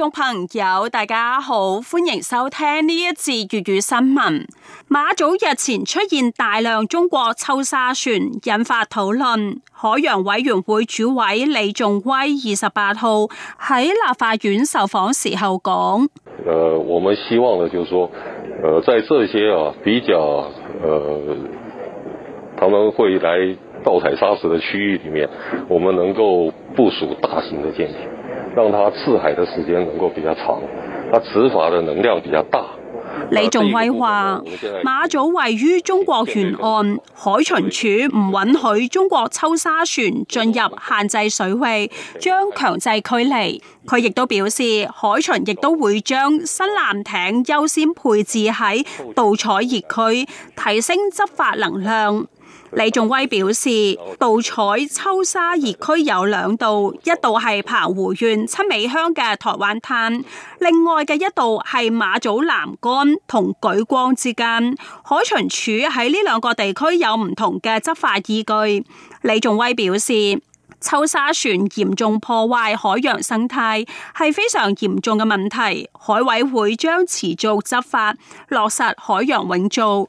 聽眾朋友，大家好，歡迎收聽呢一節粵語新聞。馬祖日前出現大量中國抽砂船，引發討論。海洋委員會主委李仲威二十八號喺立法院受訪時候講：呃，我們希望呢，就是說、呃，在這些啊比較，誒、呃，他們會來盜採砂石的區域裡面，我們能夠部署大型的艦艇。讓他刺海的時間能夠比較長，他執法的能量比較大。李仲威話：馬祖位於中國沿岸，海巡署唔允許中國抽砂船進入限制水域，將強制驅離。佢亦都表示，海巡亦都會將新艦艇優先配置喺盜採熱區，提升執法能量。李仲威表示，盜採抽砂熱區有兩道，一道係澎湖縣七美鄉嘅台灣灘，另外嘅一道係馬祖南竿同莒光之間。海巡署喺呢兩個地區有唔同嘅執法依據。李仲威表示，抽砂船嚴重破壞海洋生態，係非常嚴重嘅問題，海委會將持續執法，落實海洋永續。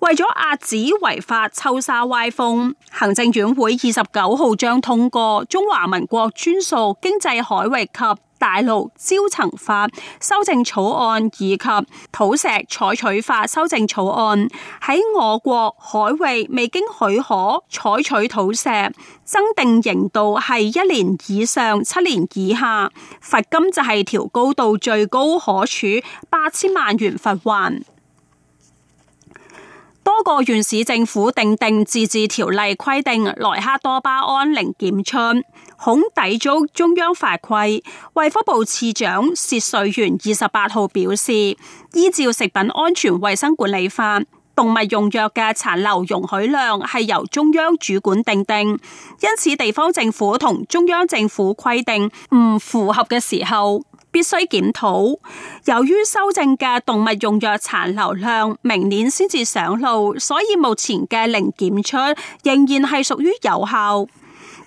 為咗遏止違法抽砂歪風，行政院會二十九號將通過《中華民國專屬經濟海域及大陸礁層法》修正草案以及《土石採取法》修正草案，喺我國海域未經許可採取土石，增定刑度係一年以上七年以下，罰金就係調高到最高可處八千萬元罰鍰。多個縣市政府訂定，定自治條例規定，萊克多巴胺零檢出，恐抵觸中央法規。衛福部次長薛瑞元二十八號表示，依照《食品安全衛生管理法》，動物用藥嘅殘留容許量係由中央主管訂定，定，因此地方政府同中央政府規定唔符合嘅時候，必須檢討。由於修正嘅動物用藥殘留量明年先至上路，所以目前嘅零檢出仍然係屬於有效。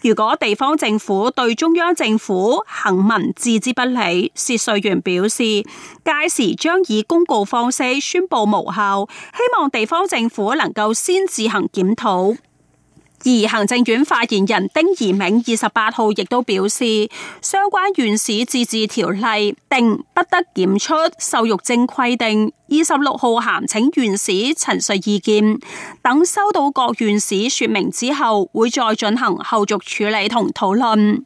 如果地方政府對中央政府行文置之不理，薛瑞元表示，屆時將以公告方式宣布無效。希望地方政府能夠先自行檢討。而行政院發言人丁怡銘二十八號亦都表示，相關縣市自治條例定不得檢出瘦肉精規定，二十六號函請縣市陳述意見，等收到各縣市說明之後，會再進行後續處理同討論。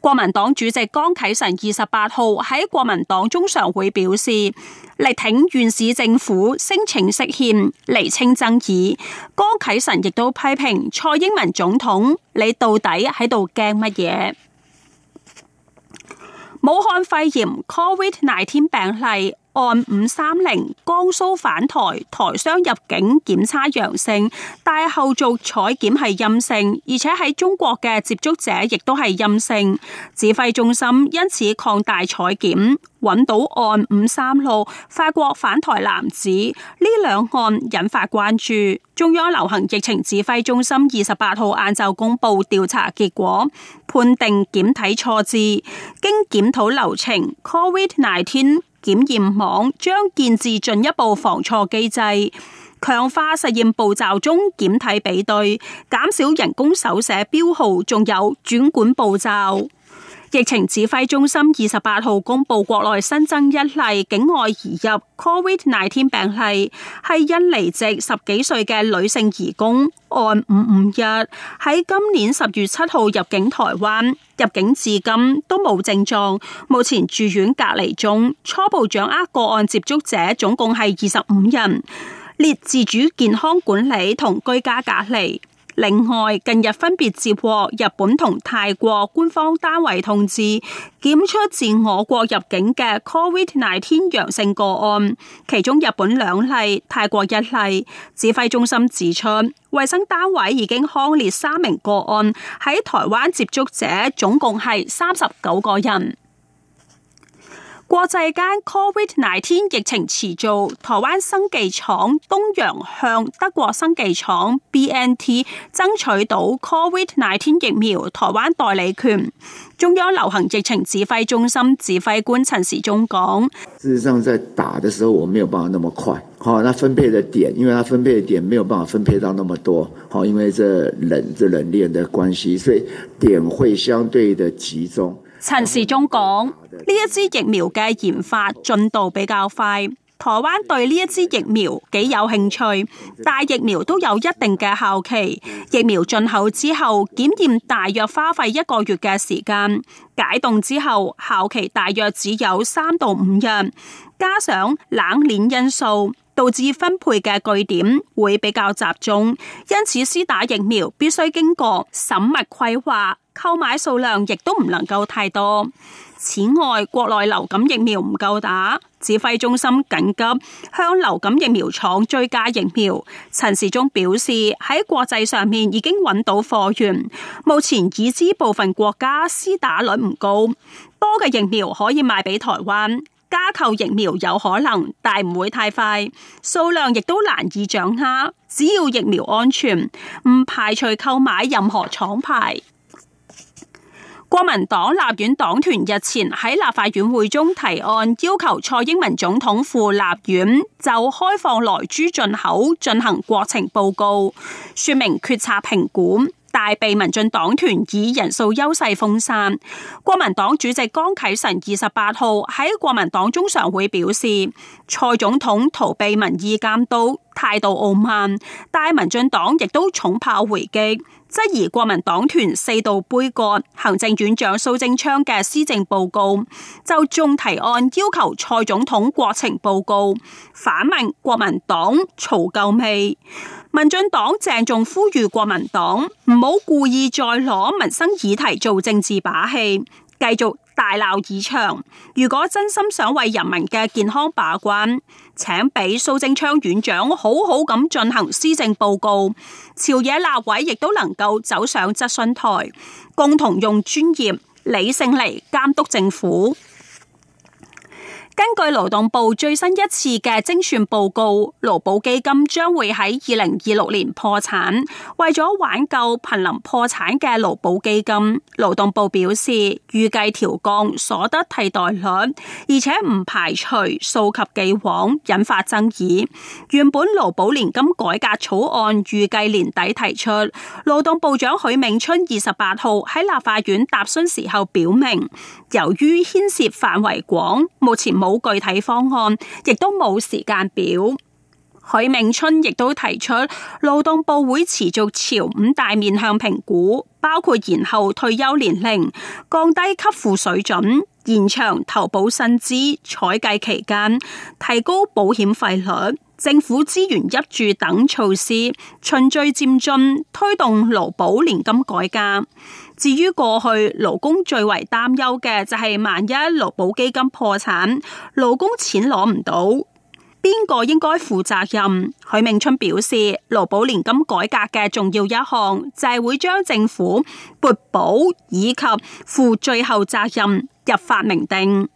國民黨主席江啟臣二十八號喺國民黨中常會表示，力挺縣市政府，聲請釋憲，厘清爭議。江啟臣亦都批評蔡英文總統，你到底喺度驚乜嘢？武漢肺炎，COVID-19 病例。案五三零，江蘇返台台商入境檢測陽性，但係後續採檢係陰性，而且喺中國嘅接觸者亦都係陰性。指揮中心因此擴大採檢，揾到案五三六，法國返台男子。呢兩案引發關注。中央流行疫情指揮中心二十八號晏晝公布調查結果，判定檢體錯置，經檢討流程，Covid nineteen。19檢驗網將建置進一步防錯機制，強化實驗步驟中檢體比對，減少人工手寫標號，仲有轉管步驟。疫情指揮中心二十八號公布國內新增一例境外移入 COVID-19 病例，係印尼籍十幾歲嘅女性移工案五五一，喺今年十月七號入境台灣，入境至今都冇症狀，目前住院隔離中，初步掌握個案接觸者總共係二十五人，列自主健康管理同居家隔離。另外，近日分別接獲日本同泰國官方單位通知，檢出自我國入境嘅 COVID-19 陽性個案，其中日本兩例，泰國一例。指揮中心指出，衛生單位已經匡列三名個案喺台灣接觸者，總共係三十九個人。國際間 Covid-19 疫情持續，台灣生技廠東洋向德國生技廠 BNT 爭取到 Covid-19 疫苗台灣代理權。中央流行疫情指揮中心指揮官陳時中講：事實上，在打的時候我沒有辦法那麼快，好，哦，那分配的點，因為它分配的點沒有辦法分配到那麼多，好，哦，因為這冷這冷鏈的關係，所以點會相對的集中。陳時中講：呢一支疫苗嘅研發進度比較快，台灣對呢一支疫苗幾有興趣。大疫苗都有一定嘅效期，疫苗進口之後檢驗大約花費一個月嘅時間，解凍之後效期大約只有三到五日，加上冷鏈因素，導致分配嘅據點會比較集中，因此施打疫苗必須經過縝密規劃。購買數量亦都唔能夠太多。此外，國內流感疫苗唔夠打，指揮中心緊急向流感疫苗廠追加疫苗。陳時中表示，喺國際上面已經揾到貨源，目前已知部分國家施打率唔高，多嘅疫苗可以賣俾台灣，加購疫苗有可能，但唔會太快，數量亦都難以掌握。只要疫苗安全，唔排除購買任何廠牌。國民黨立院黨團日前喺立法院會中提案，要求蔡英文總統赴立院就開放萊豬進口進行國情報告，說明決策評估，但被民進黨團以人數優勢封殺。國民黨主席江啟臣二十八號喺國民黨中常會表示，蔡總統逃避民意監督，態度傲慢，但民進黨亦都重炮回擊，質疑國民黨團四度杯葛行政院長蘇貞昌嘅施政報告就重提案要求蔡總統國情報告，反問國民黨嘈夠未？民進黨鄭重呼籲國民黨唔好故意再攞民生議題做政治把戲。繼續大鬧議場。如果真心想為人民嘅健康把關，請俾蘇貞昌院長好好咁進行施政報告。朝野立委亦都能夠走上質詢台，共同用專業、理性嚟監督政府。根據勞動部最新一次嘅精算報告，勞保基金將會喺二零二六年破產。為咗挽救瀕臨破產嘅勞保基金，勞動部表示預計調降所得替代率，而且唔排除溯及既往，引發爭議。原本勞保年金改革草案預計年底提出。勞動部長許銘春二十八號喺立法院答詢時候表明，由於牽涉範圍廣，目前冇。具體方案亦都冇時間表，許銘春亦都提出勞動部會持續朝五大面向評估，包括延後退休年齡、降低給付水準、延長投保薪資採計期間、提高保險費率、政府資源挹注等措施，循序漸進推動勞保年金改革。至於過去勞工最為擔憂嘅就係萬一勞保基金破產，勞工錢攞唔到，邊個應該負責任？許銘春表示，勞保年金改革嘅重要一項就係會將政府撥補以及負最後責任入法明定。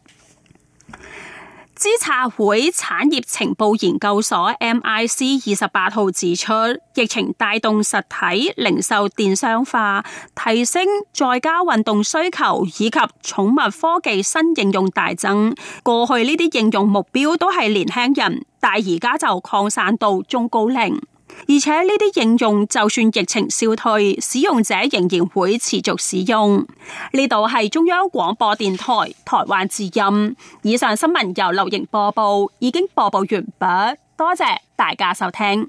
資策會產業情報研究所 MIC 二十八號指出，疫情帶動實體零售電商化，提升在家運動需求，以及寵物科技新應用大增。過去呢啲應用目標都係年輕人，但而家就擴散到中高齡。而且呢啲應用就算疫情消退，使用者仍然會持續使用。呢度係中央廣播電台台灣之音。以上新聞由劉瑩播報，已經播報完畢，多謝大家收聽。